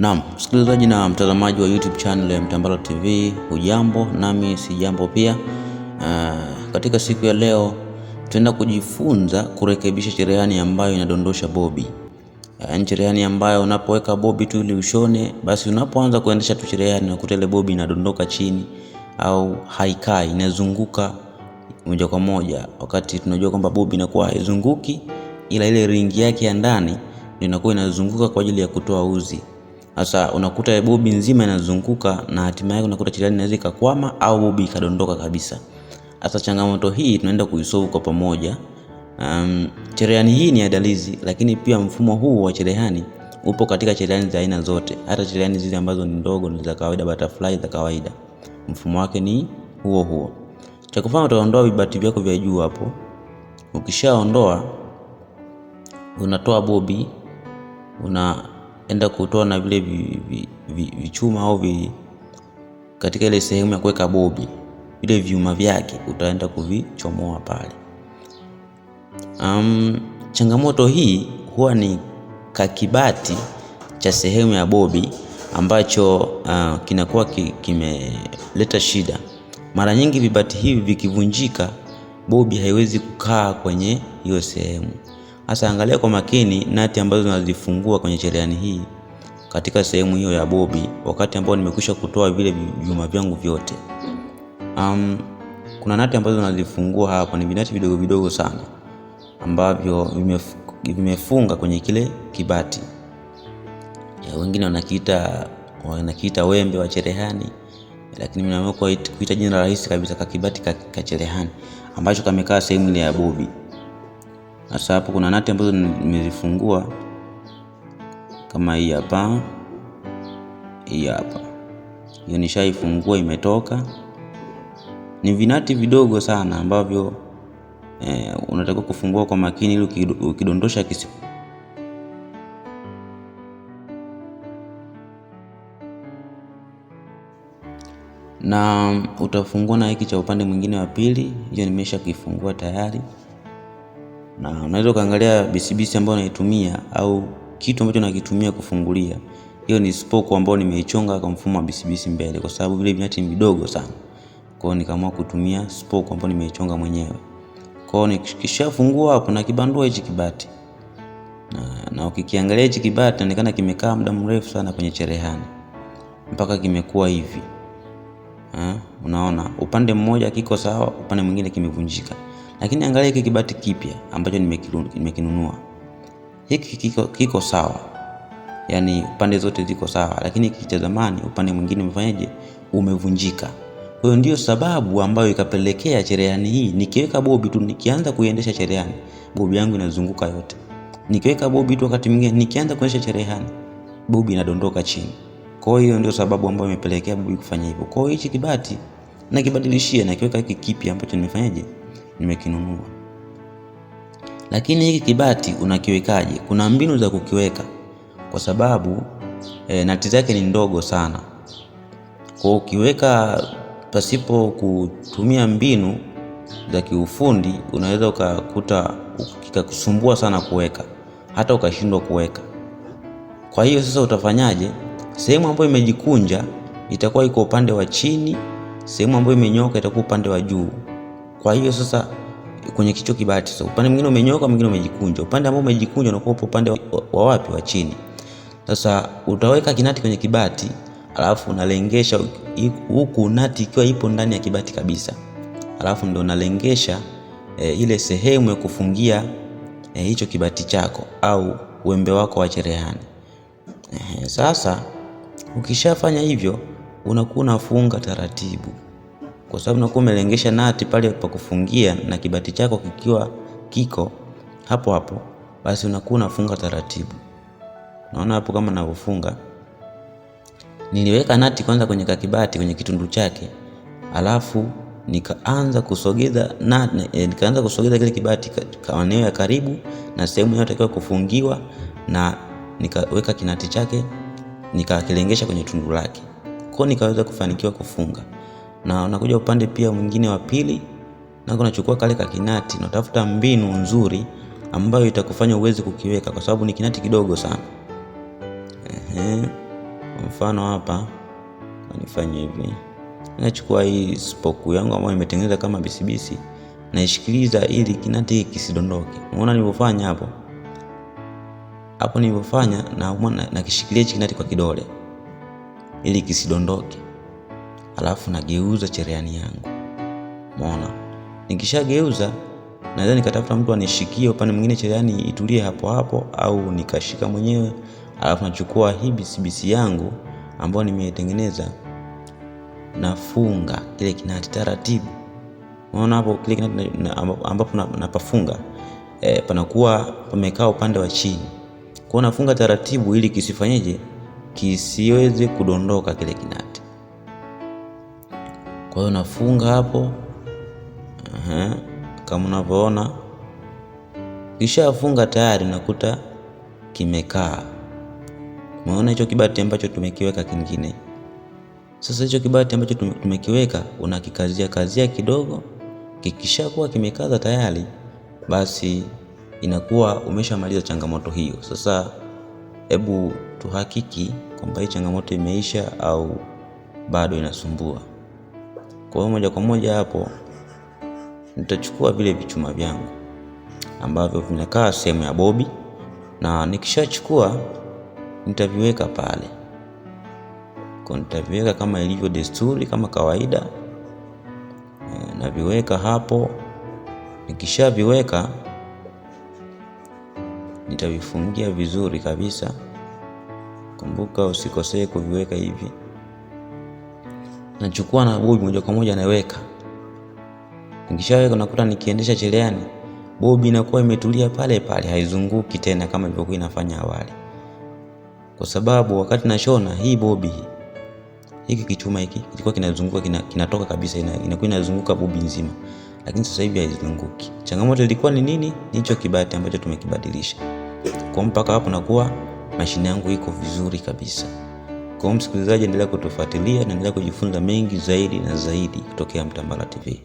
Naam, msikilizaji na mtazamaji wa YouTube channel ya Mtambala TV, hujambo nami si jambo pia. Uh, katika siku ya leo tutaenda kujifunza kurekebisha cherehani ambayo inadondosha bobi. Ah, yaani cherehani ambayo unapoweka bobi tu ili ushone, basi unapoanza kuendesha tu cherehani unakuta ile bobi inadondoka chini au haikai, inazunguka moja kwa moja, wakati tunajua kwamba bobi inakuwa haizunguki, ila ile ringi yake ya ndani ndio inakuwa inazunguka kwa ajili ya kutoa uzi. Sasa unakuta bobi nzima inazunguka na hatimaye unakuta chilani inaweza ikakwama au bobi ikadondoka kabisa. Sasa changamoto hii tunaenda kuisolve kwa pamoja. Um, cherehani hii ni adalizi, lakini pia mfumo huu wa cherehani upo katika cherehani za aina zote, hata cherehani zile ambazo ni ndogo ni za kawaida, butterfly za kawaida, mfumo wake ni huo huo. Cha kufanya utaondoa vibati vyako vya juu hapo. Ukishaondoa unatoa bobi una enda kutoa na vile vichuma au vi, katika ile sehemu ya kuweka bobi vile vyuma vyake utaenda kuvichomoa pale. Um, changamoto hii huwa ni kakibati cha sehemu ya bobi ambacho uh, kinakuwa kimeleta shida. Mara nyingi vibati hivi vikivunjika, bobi haiwezi kukaa kwenye hiyo sehemu. Hasa angalia kwa makini nati ambazo zinazifungua kwenye cherehani hii katika sehemu hiyo ya bobi, wakati ambao nimekwisha kutoa vile vyuma vyangu vyote. Um, kuna nati ambazo nazifungua hapa, ni vinati vidogo vidogo sana ambavyo vimefunga kwenye kile kibati ya wengine wanakiita wanakiita wembe wa cherehani, lakini mimi naamua kuita jina rahisi kabisa, kakibati ka cherehani ambacho kamekaa sehemu ile ya bobi. Sasa hapo kuna nati ambazo nimezifungua kama hii hapa, hii hapa, hiyo nishaifungua imetoka. Ni vinati vidogo sana ambavyo eh, unatakiwa kufungua kwa makini ili ukidondosha kisi na utafungua na hiki cha upande mwingine wa pili, hiyo nimesha kifungua tayari na unaweza ukaangalia bisibisi ambayo naitumia au kitu ambacho nakitumia kufungulia. Hiyo ni spoko ambayo nimeichonga kwa mfumo wa bisibisi mbele, kwa sababu vile vinyati ni vidogo sana. kwao nikaamua kutumia spoko ambayo nimeichonga mwenyewe. kwao nikishafungua hapo na kibandua hichi kibati na, na ukikiangalia hichi kibati inaonekana kimekaa muda mrefu sana kwenye cherehani mpaka kimekuwa hivi ha? Ah, unaona, upande mmoja kiko sawa, upande mwingine kimevunjika. Lakini angalia hiki kibati kipya ambacho nimekinunua, hiki kiko, kiko sawa, yaani pande zote ziko sawa, lakini hiki cha zamani upande mwingine umefanyaje? Umevunjika. Kwa hiyo ndio sababu ambayo ikapelekea cherehani hii, nikiweka bobi tu, nikianza kuiendesha cherehani, bobi yangu inazunguka yote. Nikiweka bobi tu, wakati mwingine nikianza kuendesha cherehani, bobi inadondoka chini. Kwa hiyo ndio sababu ambayo imepelekea bobi kufanya hivyo. Kwa hiyo hichi kibati na kibadilishie na kiweka hiki kipya ambacho nimefanyaje nimekinunua. Lakini hiki kibati unakiwekaje? Kuna mbinu za kukiweka kwa sababu e, nati zake ni ndogo sana. Kwa ukiweka pasipo kutumia mbinu za kiufundi, unaweza ukakuta kikakusumbua sana kuweka, hata ukashindwa kuweka. Kwa hiyo sasa utafanyaje? Sehemu ambayo imejikunja itakuwa iko upande wa chini, sehemu ambayo imenyoka itakuwa upande wa juu. Kwa hiyo sasa kwenye kichwa kibati so, upande mwingine umenyoka, mwingine umejikunja. Upande ambao umejikunja unakuwa upo upande wa, wa wapi wa chini. Sasa utaweka kinati kwenye kibati, alafu unalengesha huku nati ikiwa ipo ndani ya kibati kabisa, alafu ndio unalengesha e, eh, ile sehemu ya kufungia e, hicho kibati chako au wembe wako wa cherehani. E, sasa ukishafanya hivyo unakuwa unafunga taratibu kwa sababu unakuwa umelengesha nati pale pa kufungia na kibati chako kikiwa kiko hapo hapo, basi unakuwa unafunga taratibu. Naona hapo kama ninavyofunga, niliweka nati kwanza kwenye kakibati kwenye kitundu chake, alafu nikaanza kusogeza na e, eh, nikaanza kusogeza kile kibati kwa ya karibu na sehemu inayotakiwa kufungiwa, na nikaweka kinati chake nikakilengesha kwenye tundu lake, kwa nikaweza kufanikiwa kufunga na unakuja upande pia mwingine wa pili, na unachukua kale kakinati na utafuta mbinu nzuri ambayo itakufanya uweze kukiweka, kwa sababu ni kinati kidogo sana. Ehe, kwa mfano hapa nifanye hivi, nachukua hii spoku yangu ambayo imetengeneza kama bisibisi, naishikiliza ili kinati kisidondoke. Unaona nilivyofanya hapo hapo nilivyofanya na, na kishikilia hichi kinati kwa kidole ili kisidondoke alafu nageuza cherehani yangu. Umeona? Nikishageuza naweza nikatafuta mtu anishikie upande mwingine cherehani itulie hapo hapo, au nikashika mwenyewe, alafu nachukua hii bisibisi yangu ambayo nimeitengeneza, nafunga kile kinati taratibu. Unaona hapo kile kinati ambapo napafunga e, panakuwa pamekaa upande wa chini, kwa nafunga taratibu ili kisifanyeje, kisiweze kudondoka kile kinati. Kwa hiyo nafunga hapo ehe, kama unavyoona. Kishafunga tayari, nakuta kimekaa. Umeona hicho kibati ambacho tumekiweka kingine. Sasa hicho kibati ambacho tumekiweka unakikazia kazia kidogo, kikishakuwa kimekaza tayari, basi inakuwa umeshamaliza changamoto hiyo. Sasa hebu tuhakiki kwamba hii changamoto imeisha au bado inasumbua. Kwa hiyo moja kwa moja hapo nitachukua vile vichuma vyangu ambavyo vinakaa sehemu ya bobi, na nikishachukua nitaviweka pale kwa, nitaviweka kama ilivyo desturi, kama kawaida e, naviweka hapo. Nikishaviweka nitavifungia vizuri kabisa. Kumbuka usikosee kuviweka hivi nachukua na bobi moja kwa moja naweka. Nikishaweka nakuta nikiendesha cheleani, bobi inakuwa imetulia pale pale, haizunguki tena kama ilivyokuwa inafanya awali, kwa sababu wakati nashona hii bobi hiki kichuma hiki kilikuwa kinazunguka kina, kinatoka kabisa inakuwa inazunguka bobi nzima, lakini sasa hivi haizunguki. Changamoto ilikuwa ni nini? Ni hicho kibati ambacho tumekibadilisha. Kwa mpaka hapo nakuwa mashine yangu iko vizuri kabisa. Kwa msikilizaji, endelea kutufuatilia na endelea kujifunza mengi zaidi na zaidi kutokea Mtambala TV.